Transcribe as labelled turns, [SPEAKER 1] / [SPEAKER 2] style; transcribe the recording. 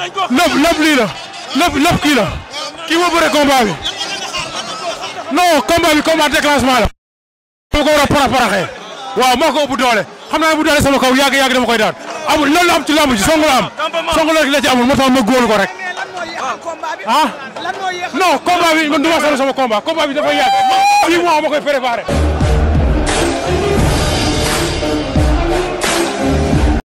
[SPEAKER 1] lépp lépp lii la lépp lépp kii la kii
[SPEAKER 2] moo
[SPEAKER 3] bëre combat bi non combat bi combat déclenchement la. dama ko war a paraxee waaw maa ko ëpp doole xam naa bu doole sama kaw yàgg yàgg dama koy daan amul loolu la am ci lamb ji song la am song la la ci amul moo tax ma góolu ko rek ah non combat bi man du ma sonal sama combat combat bi dafa yàgg huit mois ma koy préparé.